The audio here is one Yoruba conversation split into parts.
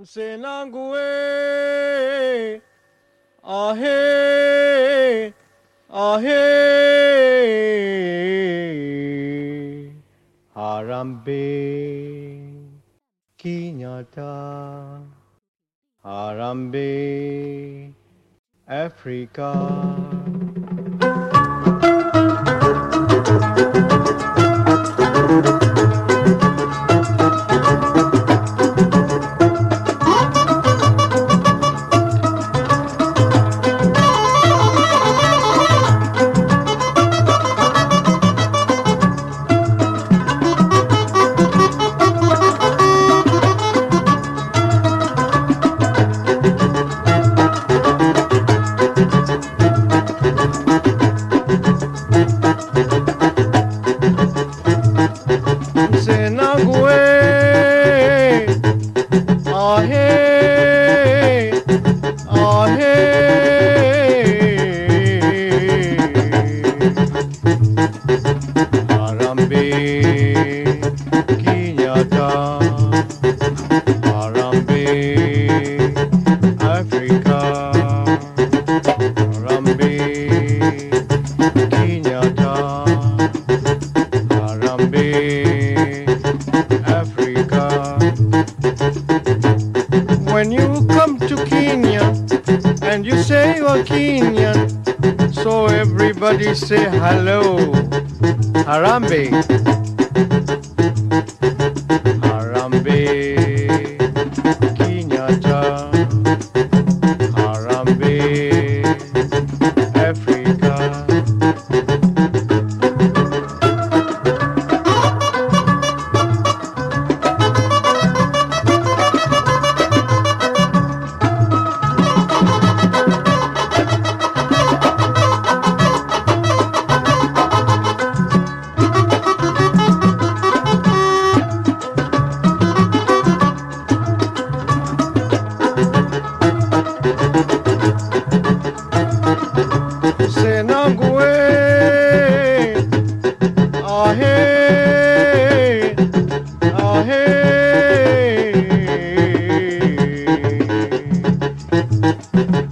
Senangue Ahe Ahe Harambe kinyata Harambe Africa Everybody say hello. Harambe. Thank you.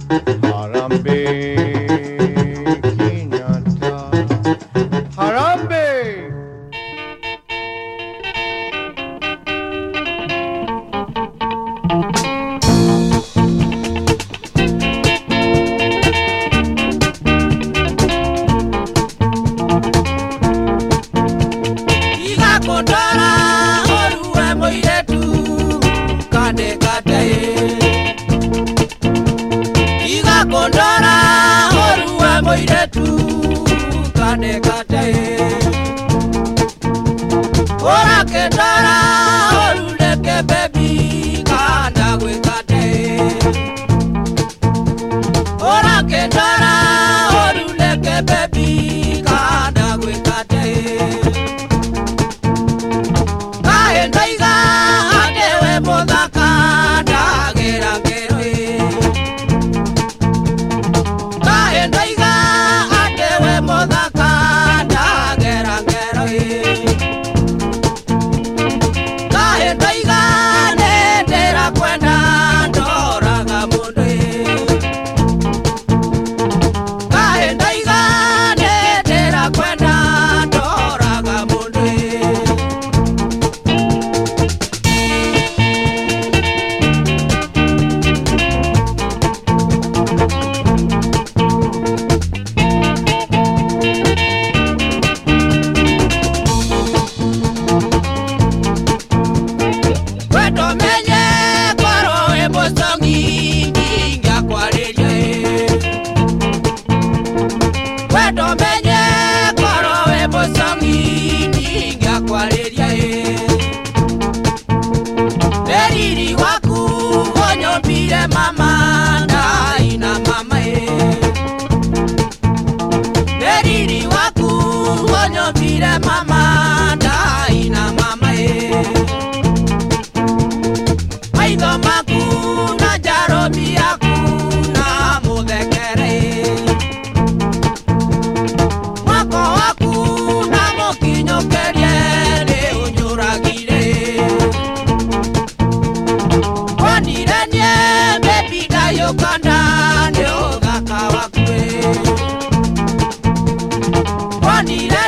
la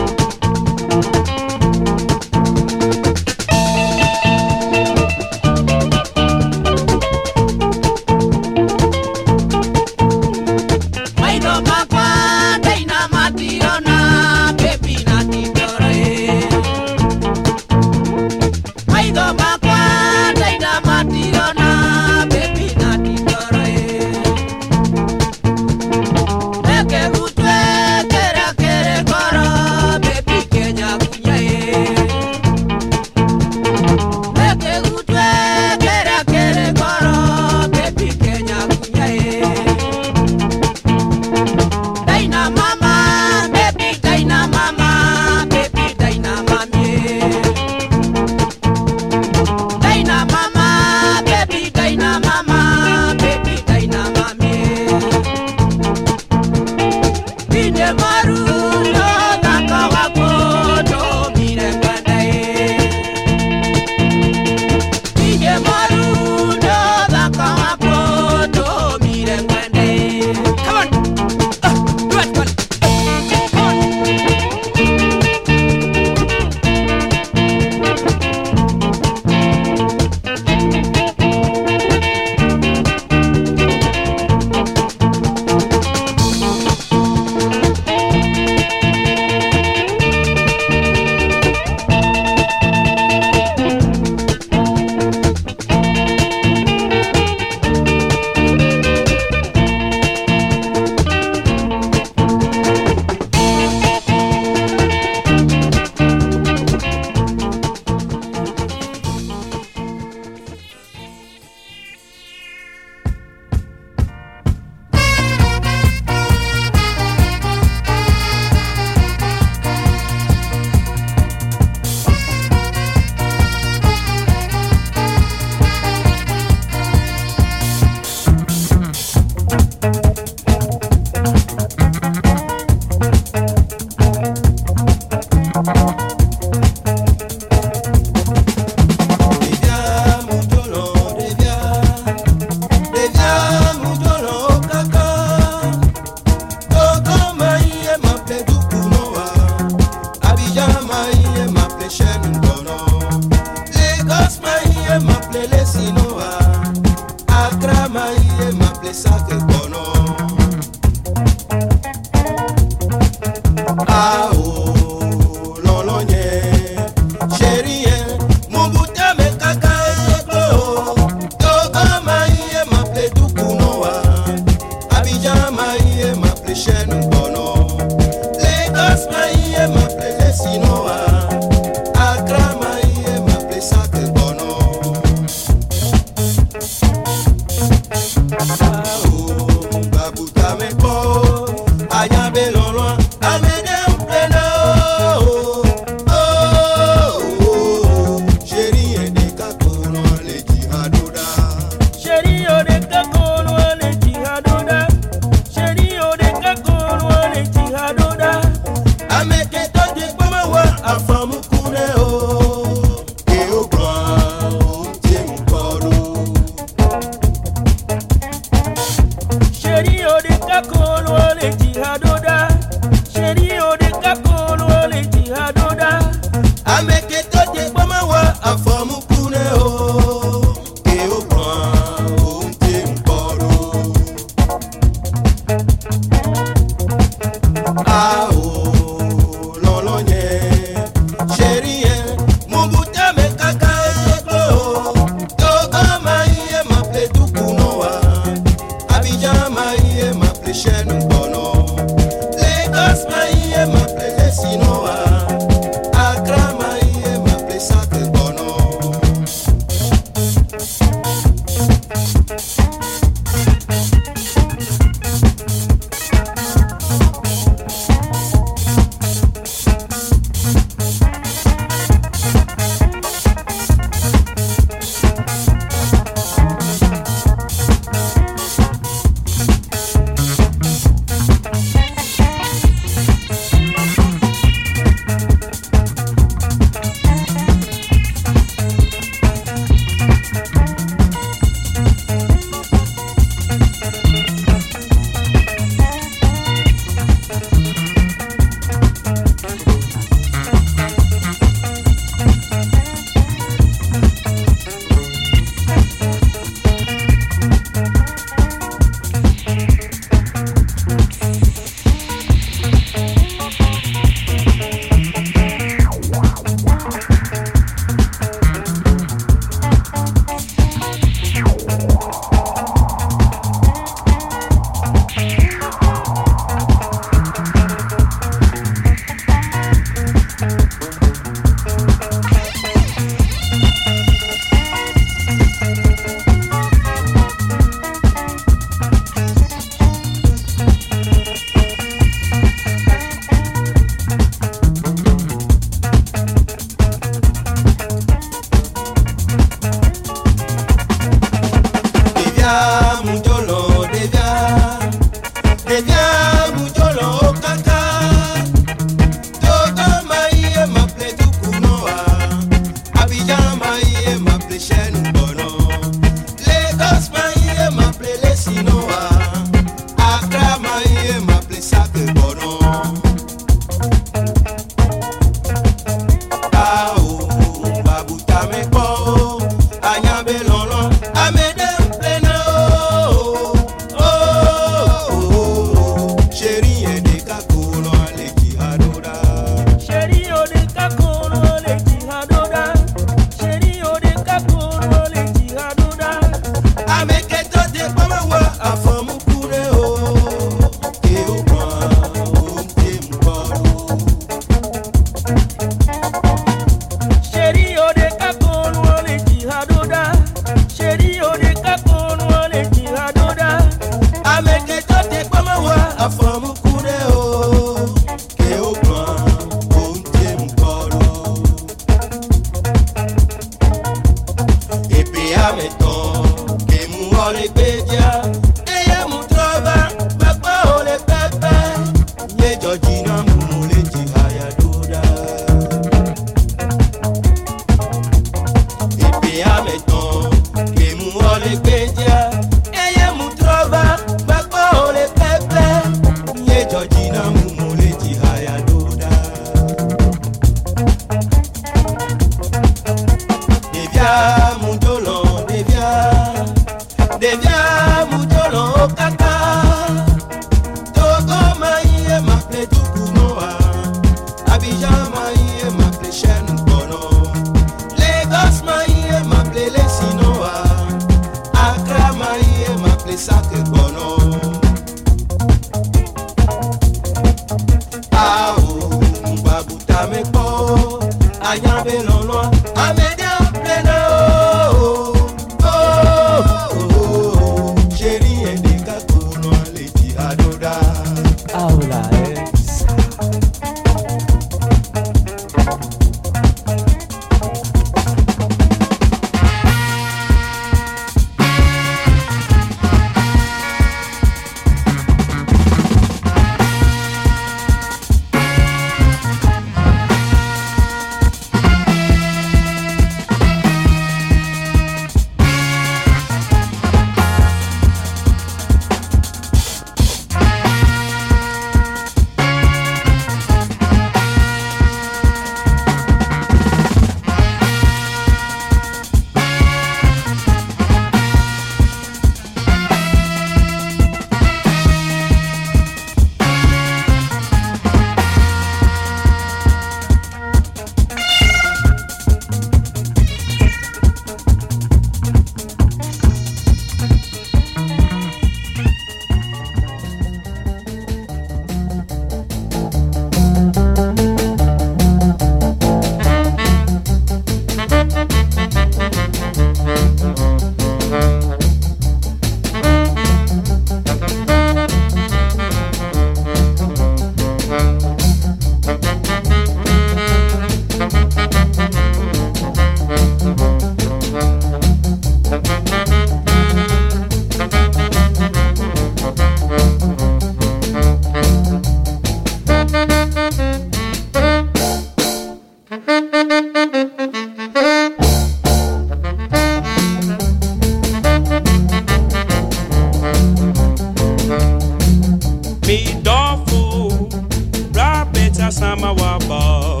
sama waba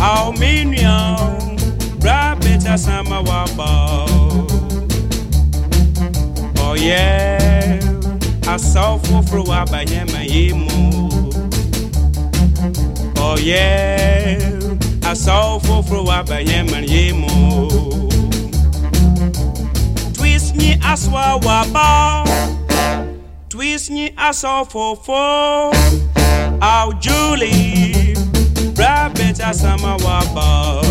Ao minha Rabeta sama waba Oh yeah Asal fofro waba yema yemo Oh yeah Asal fofro waba yema yemo Twist me aswa waba Twist me asal fofo Oh, Julie, rabbit, I'm a wabble.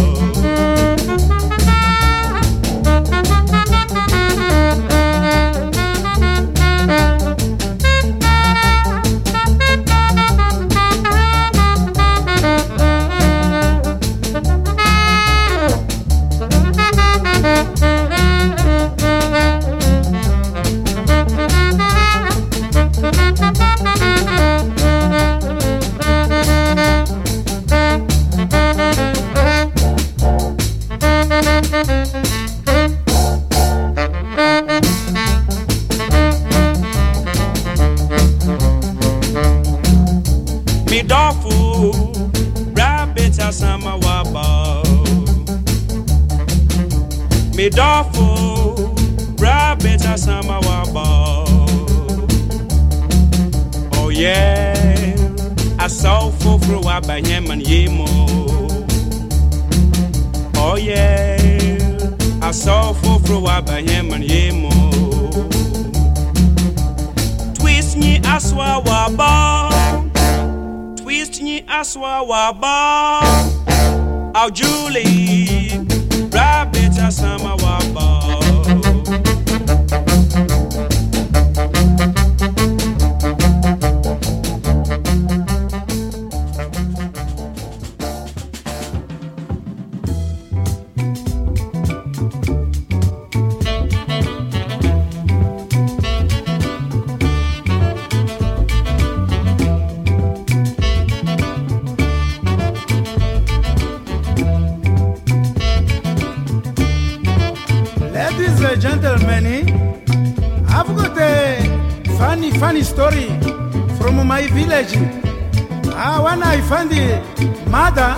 mother,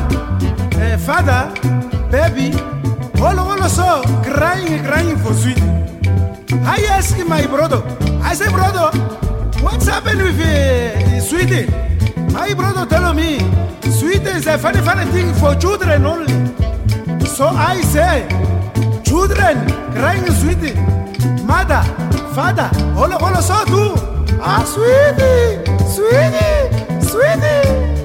uh, father, baby, all all so crying, crying for sweet. I ask my brother, I say, brother, what's happened with uh, eh, Sweden? My brother tell me, Sweden is a funny, funny thing for children only. So I say, children crying sweetie, mother, father, all all so too. Ah, sweetie, sweetie, sweetie.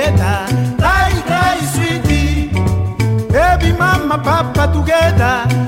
together. Try, try, sweetie. Baby, mama, papa together.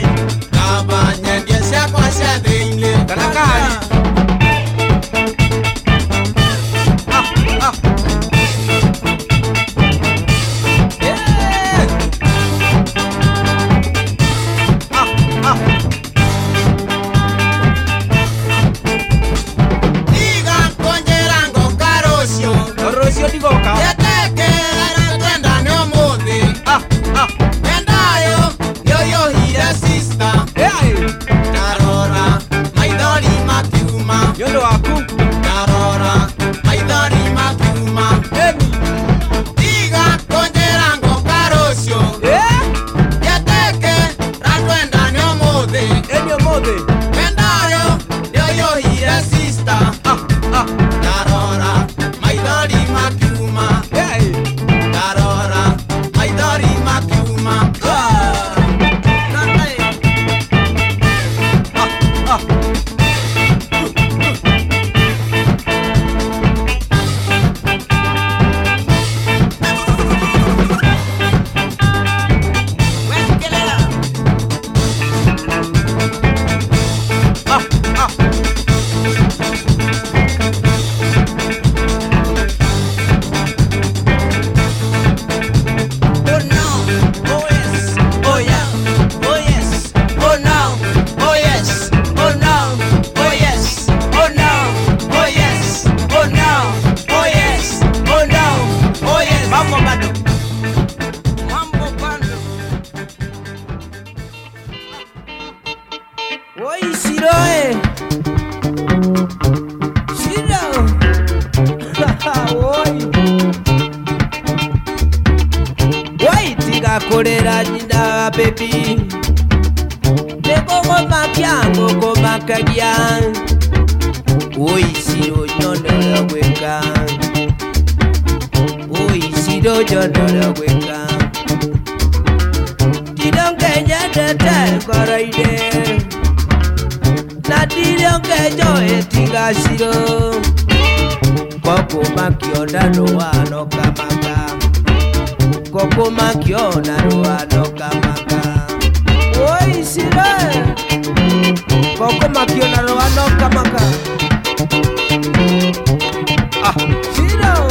body. makiona ruanoka maka oisire koko makiona ruanoka maka ah. Shiro.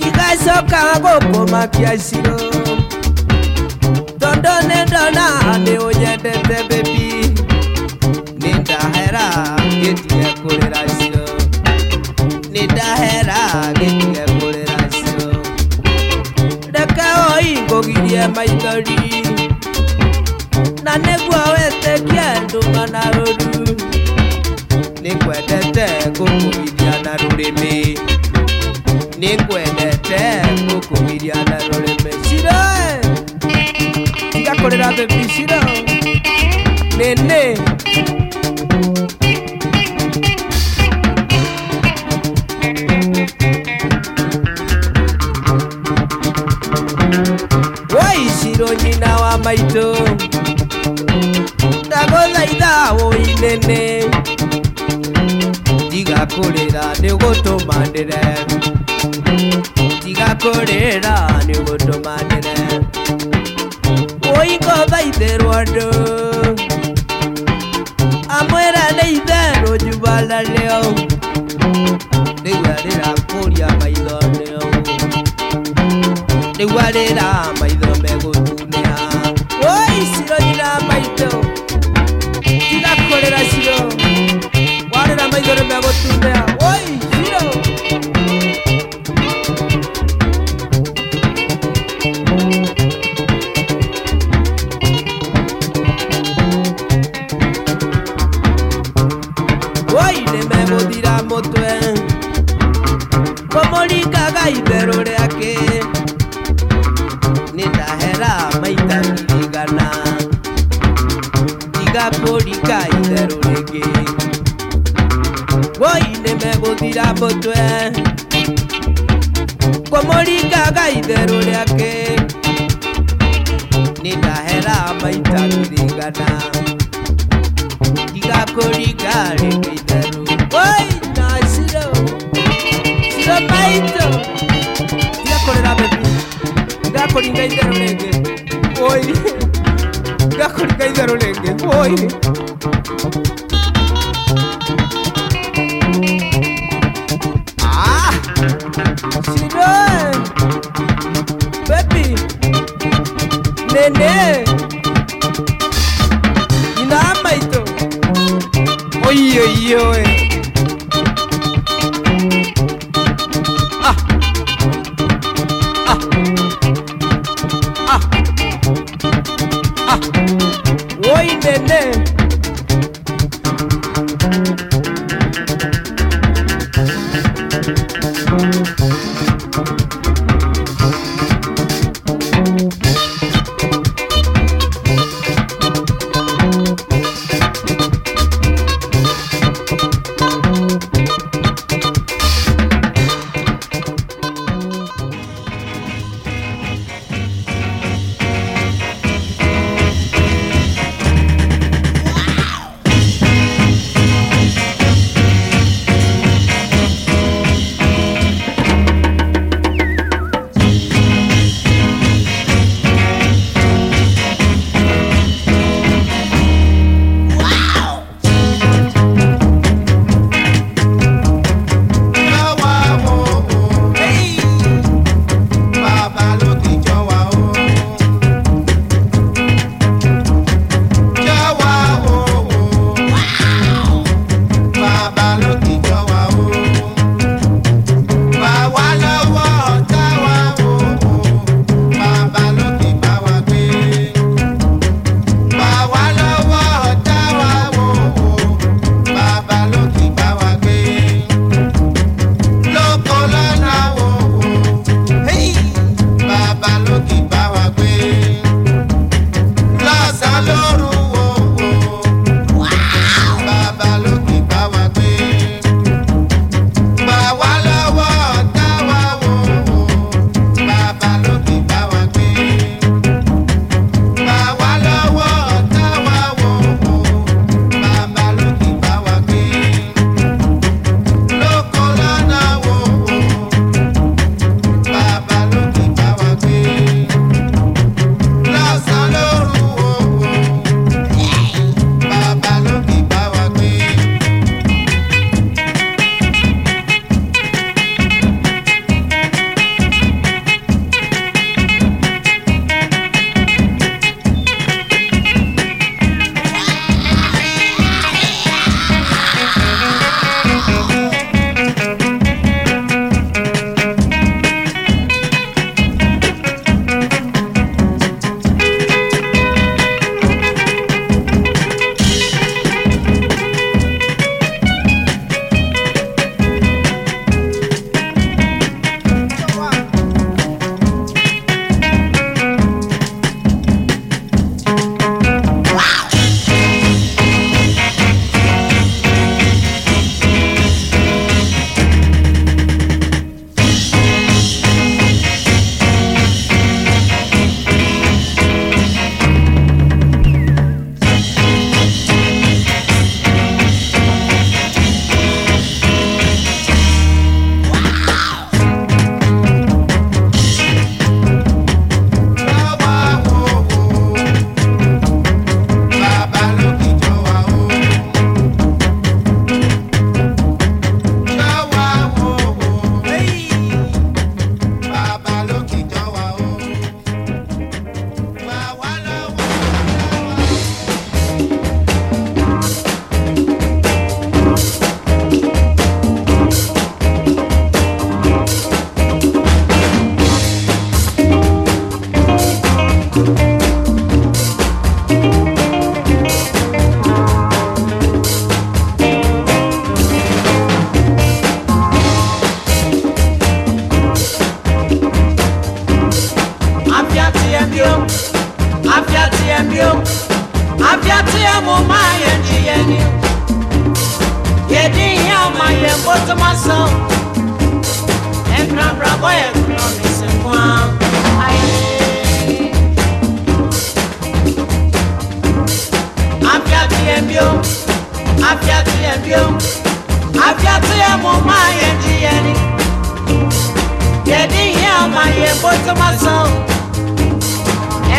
Kikasoka gokoma pya siro bebisida nene waisiro nyina wa maito ndagothaitha woi nene tigakurira nigutumanire tigakurira nigu wado amwera neithero njubana rĩo rĩua rĩrakũria maitho rĩo rĩua rĩra maitho megũtunĩha woi ciro nyina maitho tiga kũrĩra ciro warĩra maitho nĩmegũtunĩha chapaito ndirakorera bebu ndakoringa ithe rurenge oi ndakoringa ithe rurenge oi ah shinon bebi nene inamaito oiyoiyoe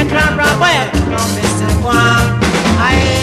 Entra Broadway, no missing one. I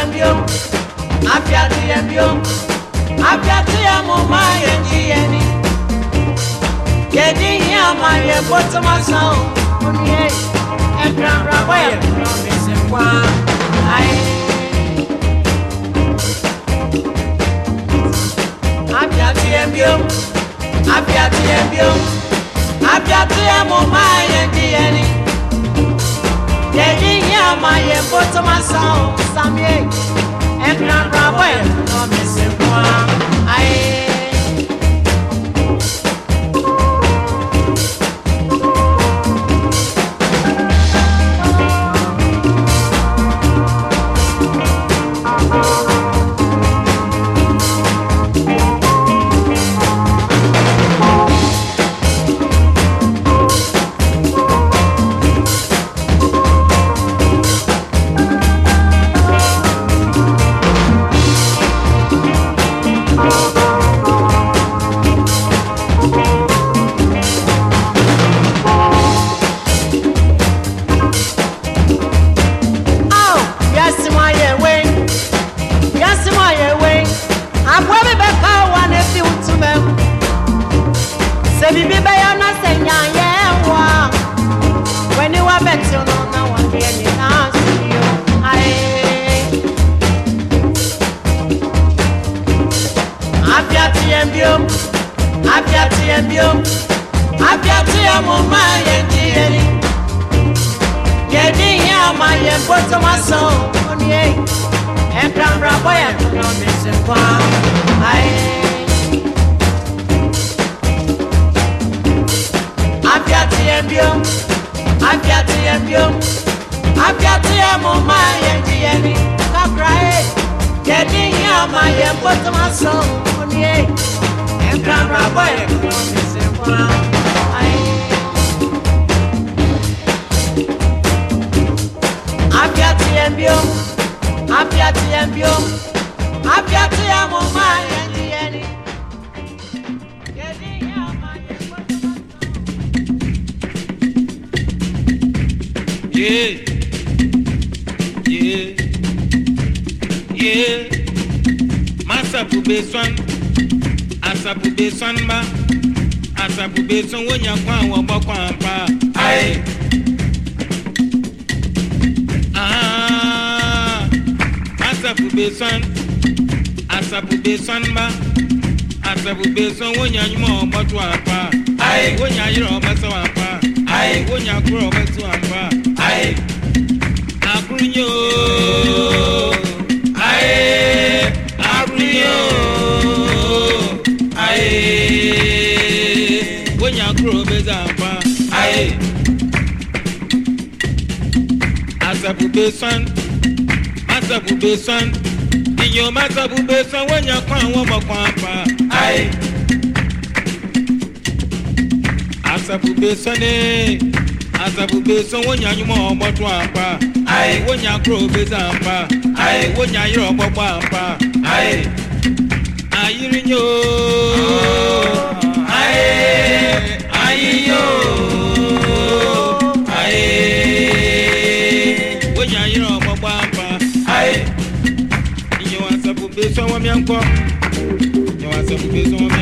yẹ ti yẹ mi ti yẹ mo má yẹ jí ni yẹdi yìí àmà yẹ bó tó má sàn ti yẹ mi ti yẹ mi ti yẹ mo má yẹ jí ni yẹdi yìí àmà samye, en not rawen, no, mese mwa, aye. be sanba asabu be san nyuma ọgbọtu apa wonya ayere ọbẹsẹ apa wonya akuru ọbẹsẹ apa akuru nye ooo akuru nye ooo wonya akuru ọbẹsẹ apa asabu be san asabu san. Iyo masabu besan wanya àwọn ọmọkàn apá. asabugbe sọ́ni asabugbe sọ́n wọ́n yàn yúmọ́ ọmọdún apá. wọ́n yàn kúrò bẹ́sẹ̀ apá. wọ́n yàn yẹ̀rọ ọgbọ́gbọ́ apá. ayírin yóò. ayírin yóò. sọ wọn mi ń kọ. mais ou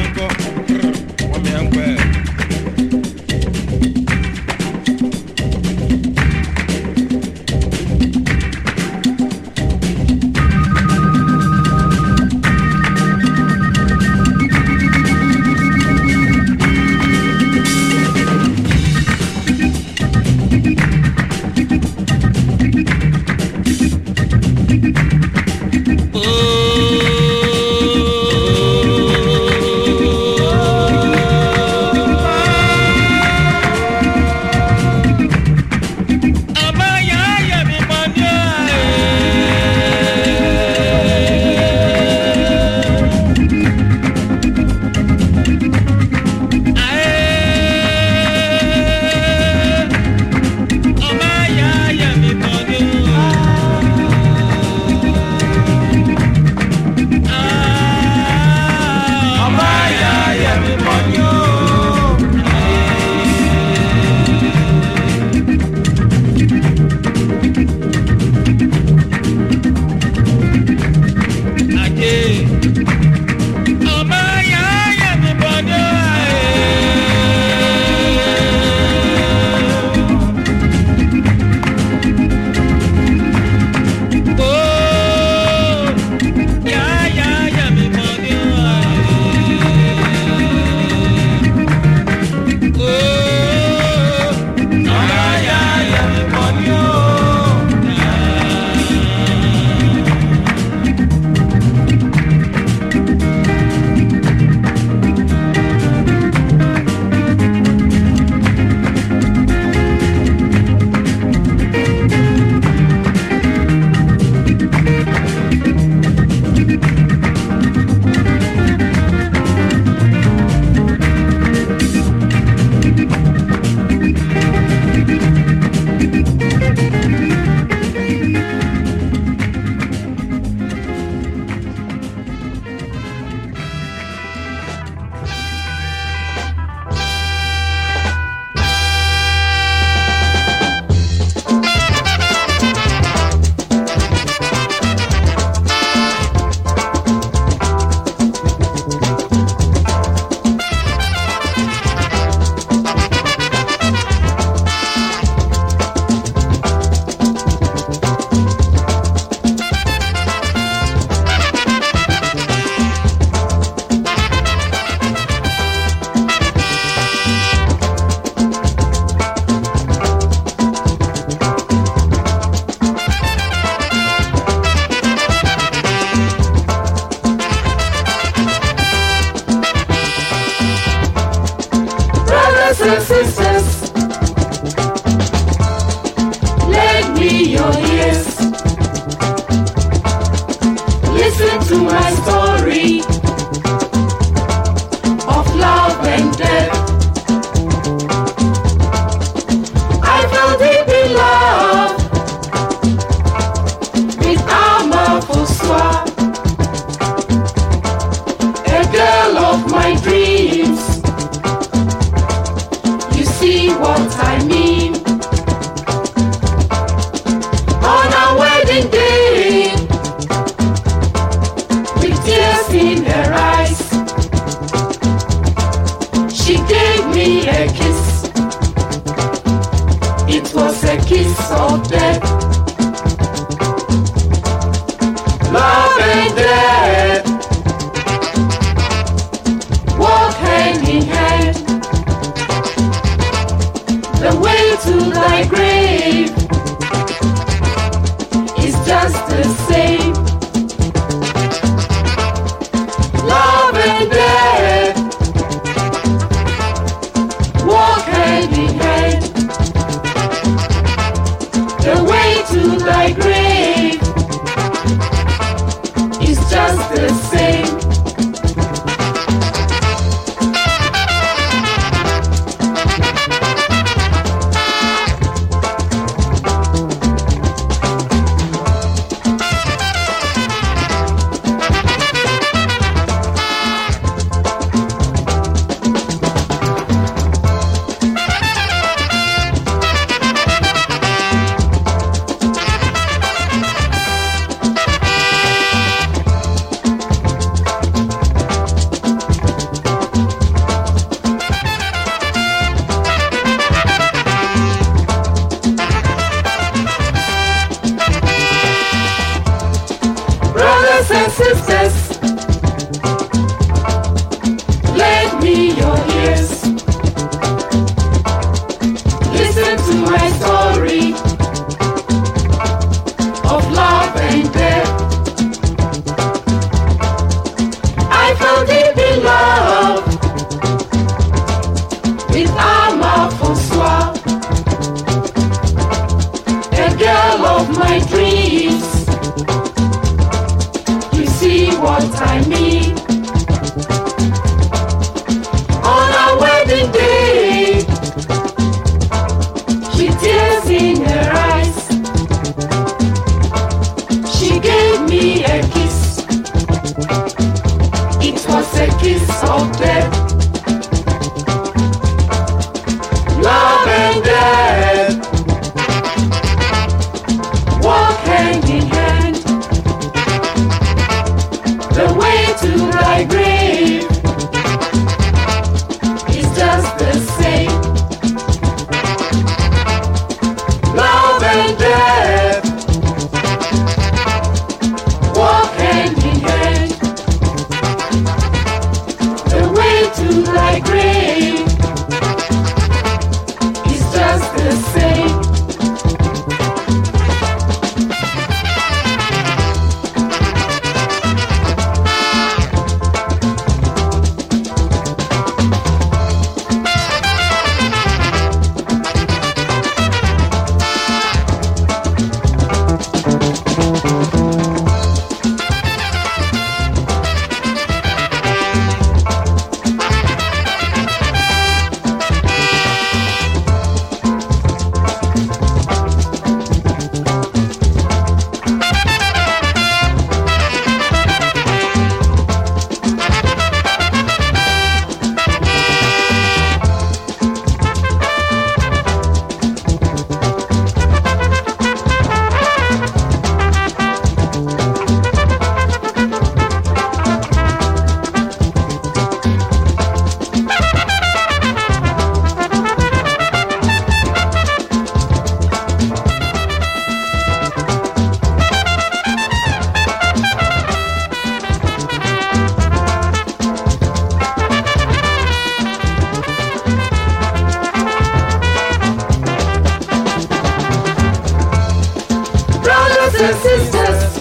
sisters.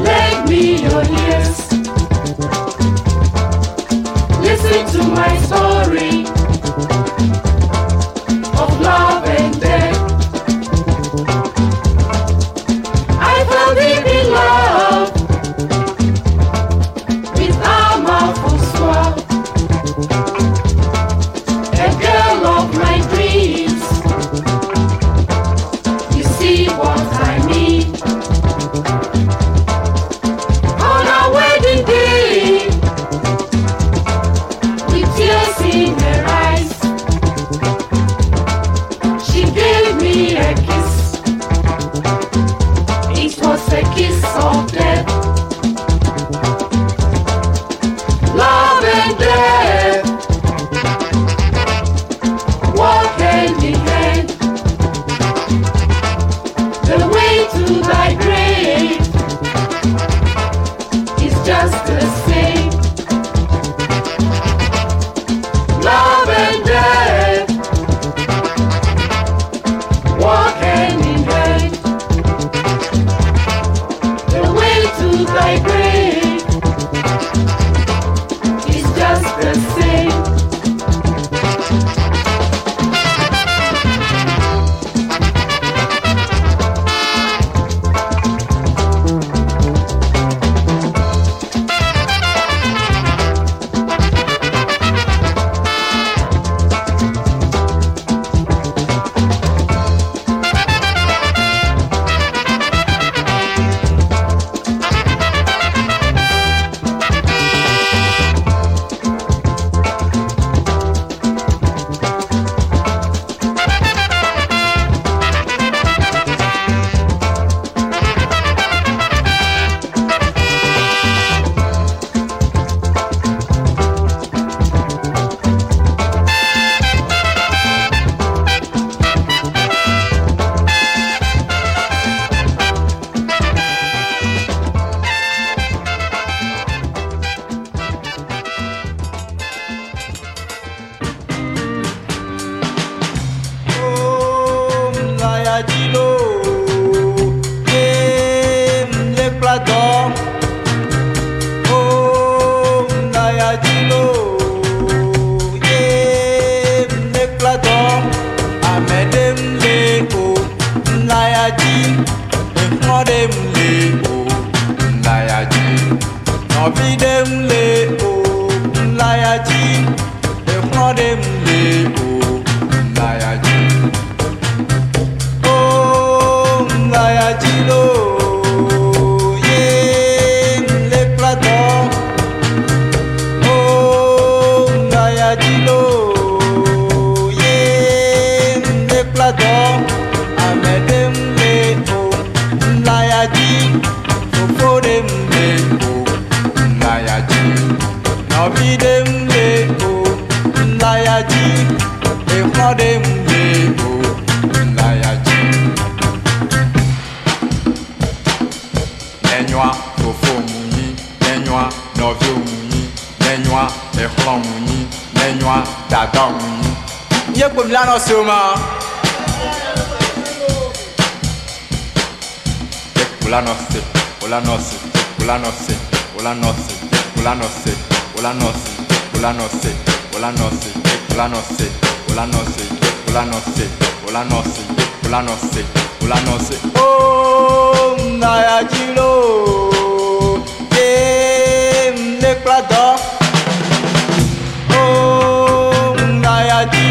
Lend me your ears. Listen to my story. de novo. Ye la no Suma! no se, no no se, no se, no se, no no se, no se, no se, no no no Oh, na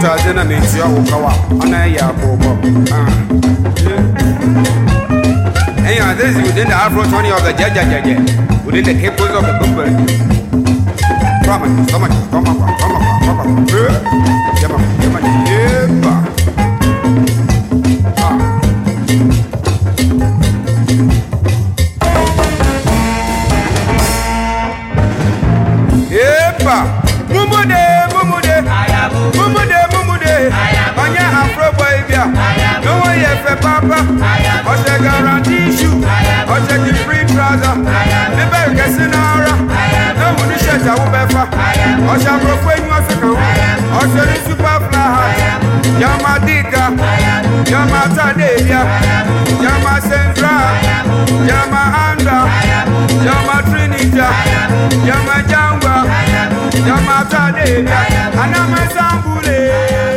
ntade na n'eti ahokawa ɔna ɛyɛ aboobɔ ɛyɛ adres within the afro twenty of the jɛjɛjɛjɛ within the capos of the Come on, come on, come on, come on, come on, come on. Eh? Eh, ọ̀ṣẹ̀ garanti ṣù ọ̀ṣẹ̀ di free trouser níbẹ̀ ìkẹsí náà rà lóhùn oníṣẹ́ ìjàwó mẹ́fà ọ̀ṣẹ̀ àbúròkú ẹ̀yìn ọ̀ṣẹ̀ kan ọ̀ṣẹ̀ ní super flower yàmà dìgà yàmà tàdéyà yàmà sẹ́ńtrà yàmà àndà yàmà trinita yàmà jàǹgbà yàmà tàdéyà anamẹ́sàmbùlẹ̀.